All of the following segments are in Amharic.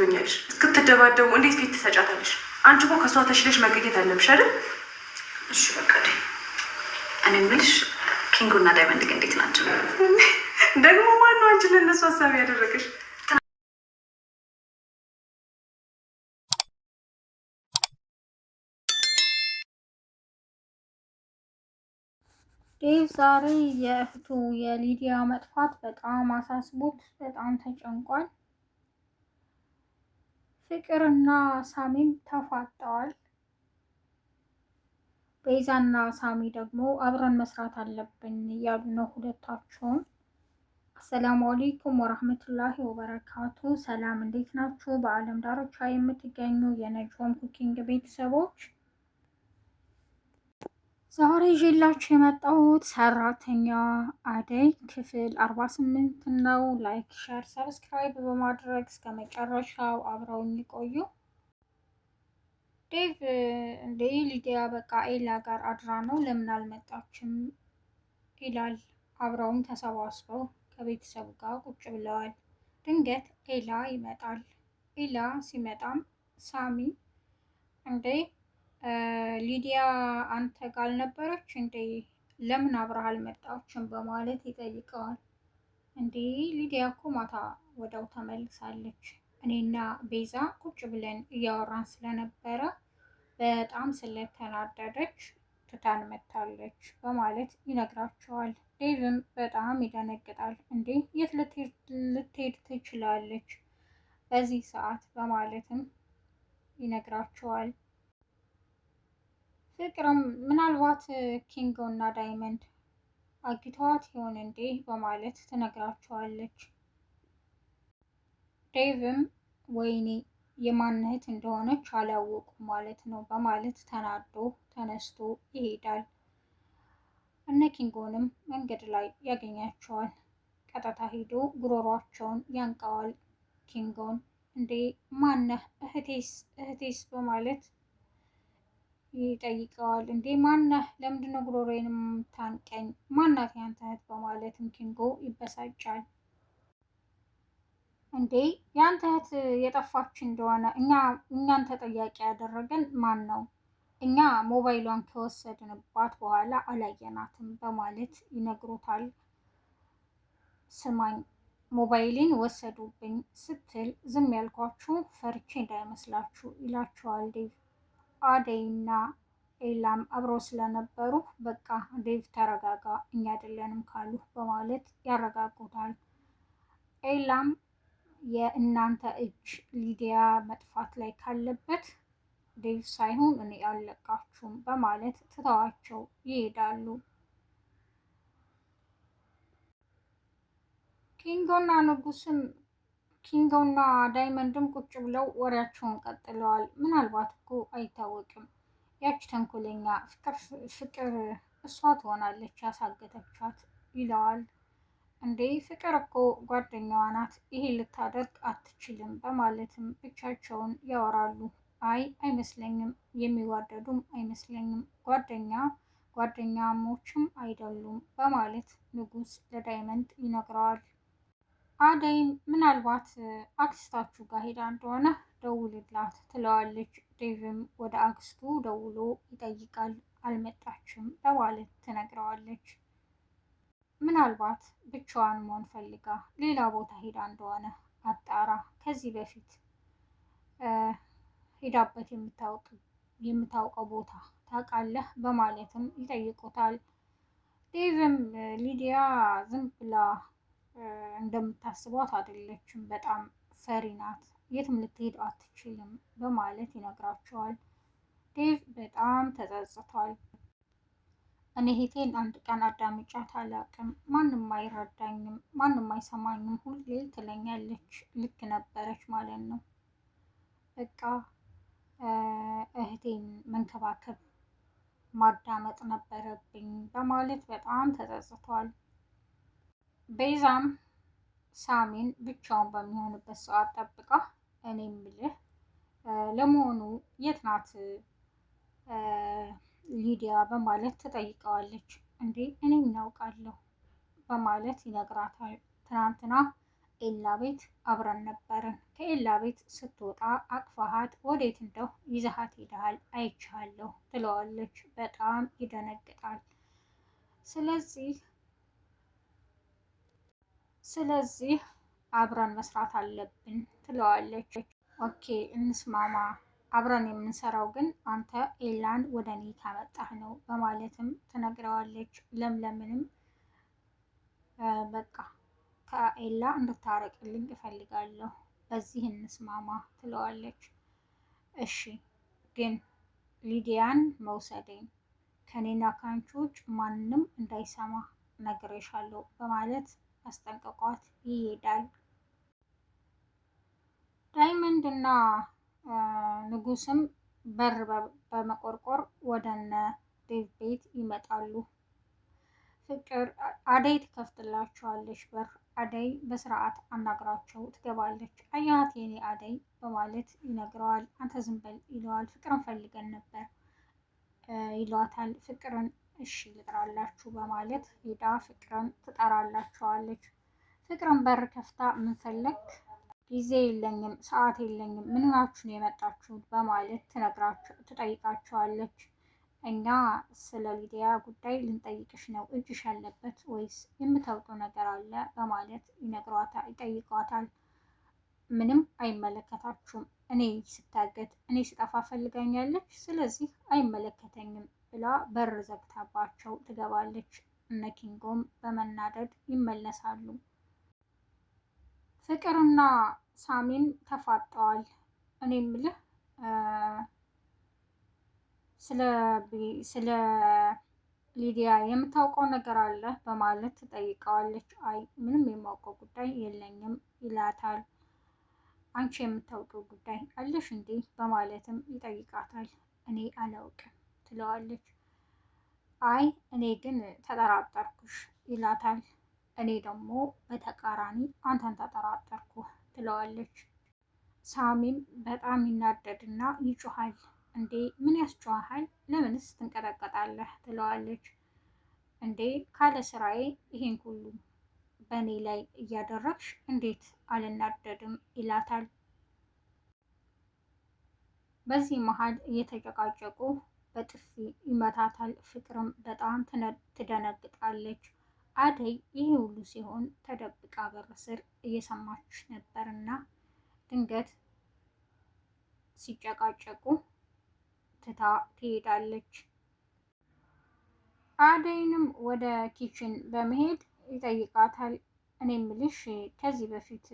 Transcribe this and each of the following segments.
ትለኛለሽ። እስክትደባደቡ እንዴት ፊት ትሰጫታለሽ? አንቺ እኮ ከእሷ ተሽለሽ መገኘት አለብሽ አይደል? እሺ በቃ እኔ የምልሽ ኪንጉ እና ዳይመንድ ግን እንዴት ናቸው? ደግሞ ማነው አንቺ ለእነሱ ሀሳብ ያደረገሽ? ዴቭ ዛሬ የእህቱ የሊዲያ መጥፋት በጣም አሳስቦት በጣም ተጨንቋል። ፍቅርና ሳሚም ተፋጠዋል። ቤዛና ሳሚ ደግሞ አብረን መስራት አለብን እያሉ ነው ሁለታቸውም። አሰላሙ አሌይኩም ወራህመቱላሂ ወበረካቱ። ሰላም እንዴት ናችሁ? በአለም ዳርቻ የምትገኙ የነጆም ኩኪንግ ቤተሰቦች ዛሬ ይዤላችሁ የመጣሁት ሰራተኛ አደይ ክፍል 48 ነው። ላይክ፣ ሸር፣ ሰብስክራይብ በማድረግ እስከ መጨረሻው አብረው የሚቆዩ። ዴቭ እንደ ሊዲያ በቃ ኤላ ጋር አድራ ነው ለምን አልመጣችም ይላል። አብረውም ተሰባስበው ከቤተሰቡ ጋር ቁጭ ብለዋል። ድንገት ኤላ ይመጣል። ኤላ ሲመጣም ሳሚ እንዴ ሊዲያ አንተ ጋር አልነበረች እንዴ? ለምን አብረህ አልመጣችም? በማለት ይጠይቀዋል። እንዴ ሊዲያ እኮ ማታ ወደው ተመልሳለች። እኔና ቤዛ ቁጭ ብለን እያወራን ስለነበረ በጣም ስለተናደደች ትታን መታለች በማለት ይነግራቸዋል። ዴቭም በጣም ይደነግጣል። እንዴ የት ልትሄድ ትችላለች በዚህ ሰዓት በማለትም ይነግራቸዋል። ፍቅርም ምናልባት ኪንጎ እና ዳይመንድ አግተዋት ይሆን እንዴ በማለት ትነግራቸዋለች። ዴቭም ወይኔ የማንህት እንደሆነች አላወቁም ማለት ነው በማለት ተናዶ ተነስቶ ይሄዳል። እነ ኪንጎንም መንገድ ላይ ያገኛቸዋል። ቀጥታ ሄዶ ጉሮሯቸውን ያንቀዋል። ኪንጎን እንዴ ማነህ እህቴስ እህቴስ በማለት ይጠይቀዋል። እንዴ ማናህ? ለምንድነው ጉሮሮዬንም ታንቀኝ? ማናት ያንተ እህት? በማለትም ኪንጎ ይበሳጫል። እንዴ ያንተ እህት የጠፋች እንደሆነ እኛ እኛን ተጠያቂ ያደረገን ማን ነው? እኛ ሞባይሏን ከወሰድንባት በኋላ አላየናትም በማለት ይነግሮታል ስማኝ ሞባይሌን ወሰዱብኝ ስትል ዝም ያልኳችሁ ፈርቼ እንዳይመስላችሁ ይላቸዋል ዴቭ አደይና ኤላም አብረው ስለነበሩ በቃ ዴቭ ተረጋጋ፣ እኛ አይደለንም ካሉ በማለት ያረጋጉታል። ኤላም የእናንተ እጅ ሊዲያ መጥፋት ላይ ካለበት ዴቭ ሳይሆን እኔ አልለቃችሁም በማለት ትተዋቸው ይሄዳሉ። ኪንጎና ንጉስም እና ዳይመንድም ቁጭ ብለው ወሬያቸውን ቀጥለዋል። ምናልባት እኮ አይታወቅም፣ ያች ተንኮለኛ ፍቅር እሷ ትሆናለች ያሳገተቻት ይለዋል። እንዴ ፍቅር እኮ ጓደኛዋ ናት፣ ይሄ ልታደርግ አትችልም በማለትም ብቻቸውን ያወራሉ። አይ አይመስለኝም፣ የሚዋደዱም አይመስለኝም፣ ጓደኛ ጓደኛሞችም አይደሉም በማለት ንጉስ ለዳይመንድ ይነግረዋል። አደይ ምናልባት አክስታችሁ ጋር ሄዳ እንደሆነ ደውልላት ትለዋለች። ዴቭም ወደ አክስቱ ደውሎ ይጠይቃል። አልመጣችም በማለት ትነግረዋለች። ምናልባት ብቻዋን መሆን ፈልጋ ሌላ ቦታ ሄዳ እንደሆነ አጣራ። ከዚህ በፊት ሄዳበት የምታውቀው ቦታ ታውቃለህ? በማለትም ይጠይቁታል። ዴቭም ሊዲያ ዝም ብላ እንደምታስቧት አይደለችም፣ በጣም ፈሪ ናት፣ የትም ልትሄድ አትችልም በማለት ይነግራቸዋል። ዴቭ በጣም ተጸጽቷል። እኔ ሄቴን አንድ ቀን አዳምጫት ታላቅም ማንም አይረዳኝም፣ ማንም አይሰማኝም፣ ሁሌ ትለኛለች፣ ልክ ነበረች ማለት ነው። በቃ እህቴን መንከባከብ ማዳመጥ ነበረብኝ በማለት በጣም ተጸጽቷል። ቤዛም ሳሚን ብቻውን በሚሆንበት ሰዓት ጠብቃ እኔ የምልህ ለመሆኑ የት ናት ሊዲያ በማለት ትጠይቀዋለች። እንዴ እኔ እናውቃለሁ በማለት ይነግራታል። ትናንትና ኤላ ቤት አብረን ነበርን። ከኤላ ቤት ስትወጣ አቅፋሃት ወዴት እንደው ይዘሃት ሄደሃል አይቻለሁ ትለዋለች። በጣም ይደነግጣል። ስለዚህ ስለዚህ አብረን መስራት አለብን ትለዋለች። ኦኬ እንስማማ፣ አብረን የምንሰራው ግን አንተ ኤላን ወደ እኔ ካመጣህ ነው በማለትም ትነግረዋለች። ለምለምንም በቃ ከኤላ እንድታረቅልኝ እፈልጋለሁ፣ በዚህ እንስማማ ትለዋለች። እሺ ግን ሊዲያን መውሰደኝ ከኔና ከአንቺ ውጭ ማንም እንዳይሰማ ነግሬሻለሁ በማለት አስጠንቅቋት ይሄዳል። ዳይመንድ እና ንጉስም በር በመቆርቆር ወደነ እነ ዴቭ ቤት ይመጣሉ። ፍቅር አደይ ትከፍትላቸዋለች በር። አደይ በስርዓት አናግራቸው ትገባለች። አያት የኔ አደይ በማለት ይነግረዋል። አንተ ዝም በል ይለዋል። ፍቅርን ፈልገን ነበር ይሏታል። ፍቅርን እሺ ልጥራላችሁ በማለት ሄዳ ፍቅርን ትጠራላቸዋለች። ፍቅርን በር ከፍታ ምን ፈለግ? ጊዜ የለኝም፣ ሰዓት የለኝም፣ ምን ሆናችሁ ነው የመጣችሁት? በማለት ትጠይቃችኋለች። እኛ ስለ ሊዲያ ጉዳይ ልንጠይቅሽ ነው፣ እጅሽ ያለበት ወይስ የምታውቀው ነገር አለ? በማለት ይጠይቋታል። ምንም አይመለከታችሁም። እኔ ስታገት፣ እኔ ስጠፋ ፈልጋኛለች፣ ስለዚህ አይመለከተኝም ብላ በር ዘግታባቸው ትገባለች። እነ ኪንጎም በመናደድ ይመለሳሉ። ፍቅርና ሳሚን ተፋጠዋል። እኔ ምልህ ስለ ሊዲያ የምታውቀው ነገር አለ በማለት ትጠይቀዋለች። አይ ምንም የማውቀው ጉዳይ የለኝም ይላታል። አንቺ የምታውቀው ጉዳይ አለሽ እንዴ በማለትም ይጠይቃታል። እኔ አላውቅም ትለዋለች። አይ እኔ ግን ተጠራጠርኩሽ ይላታል። እኔ ደግሞ በተቃራኒ አንተን ተጠራጠርኩ ትለዋለች። ሳሚም በጣም ይናደድና ይጮሃል። እንዴ ምን ያስጮሃል? ለምንስ ትንቀጠቀጣለህ? ትለዋለች። እንዴ ካለ ስራዬ ይሄን ሁሉ በእኔ ላይ እያደረግሽ እንዴት አልናደድም? ይላታል። በዚህ መሀል እየተጨቃጨቁ በጥፊ ይመታታል። ፍቅርም በጣም ትደነግጣለች። አደይ ይህ ሁሉ ሲሆን ተደብቃ በር ስር እየሰማች ነበር እና ድንገት ሲጨቃጨቁ ትታ ትሄዳለች። አደይንም ወደ ኪችን በመሄድ ይጠይቃታል። እኔ ምልሽ ከዚህ በፊት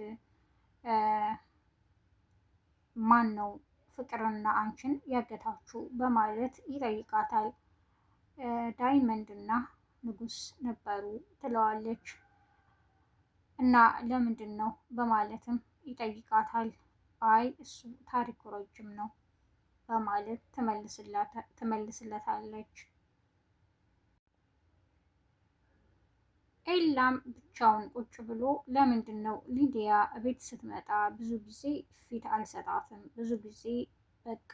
ማን ነው ፍቅርና አንቺን ያገታችሁ በማለት ይጠይቃታል። ዳይመንድና ንጉስ ነበሩ ትለዋለች። እና ለምንድን ነው በማለትም ይጠይቃታል። አይ እሱ ታሪኩ ረጅም ነው በማለት ትመልስለታለች። ኤላም ብቻውን ቁጭ ብሎ ለምንድን ነው ሊዲያ ቤት ስትመጣ ብዙ ጊዜ ፊት አልሰጣትም፣ ብዙ ጊዜ በቃ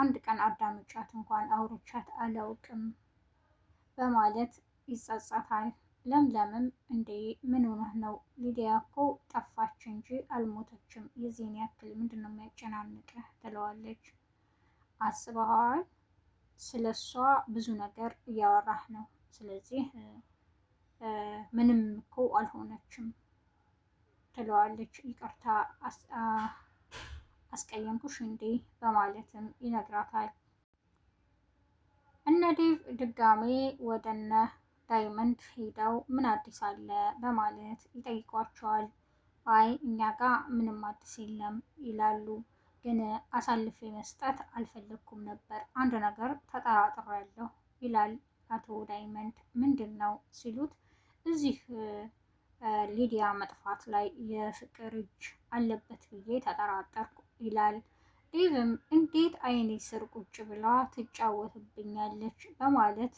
አንድ ቀን አዳምጫት እንኳን አውርቻት አላውቅም በማለት ይጸጸታል። ለምለምም እንዴ ምን ሆነህ ነው? ሊዲያ እኮ ጠፋች እንጂ አልሞተችም። የዚህን ያክል ምንድን ነው የሚያጨናንቅህ? ትለዋለች። አስበኸዋል? ስለ እሷ ብዙ ነገር እያወራህ ነው። ስለዚህ ምንም እኮ አልሆነችም ትለዋለች። ይቅርታ አስቀየምኩሽ እንዴ በማለትም ይነግራታል። እነ ዴቭ ድጋሜ ወደነ ዳይመንድ ሄደው ምን አዲስ አለ በማለት ይጠይቋቸዋል። አይ እኛ ጋ ምንም አዲስ የለም ይላሉ። ግን አሳልፌ መስጠት አልፈለግኩም ነበር፣ አንድ ነገር ተጠራጥሬያለሁ ይላል አቶ ዳይመንድ። ምንድን ነው ሲሉት እዚህ ሊዲያ መጥፋት ላይ የፍቅር እጅ አለበት ብዬ ተጠራጠርኩ ይላል። ዴቭም እንዴት አይኔ ስር ቁጭ ብላ ትጫወትብኛለች በማለት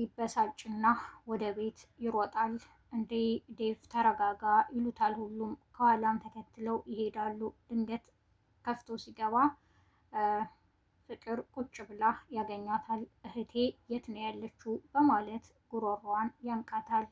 ይበሳጭና ወደ ቤት ይሮጣል። እንዴ ዴቭ ተረጋጋ ይሉታል ሁሉም። ከኋላም ተከትለው ይሄዳሉ። ድንገት ከፍቶ ሲገባ ፍቅር ቁጭ ብላ ያገኛታል። እህቴ የት ነው ያለችው? በማለት ጉሮሮዋን ያንቃታል።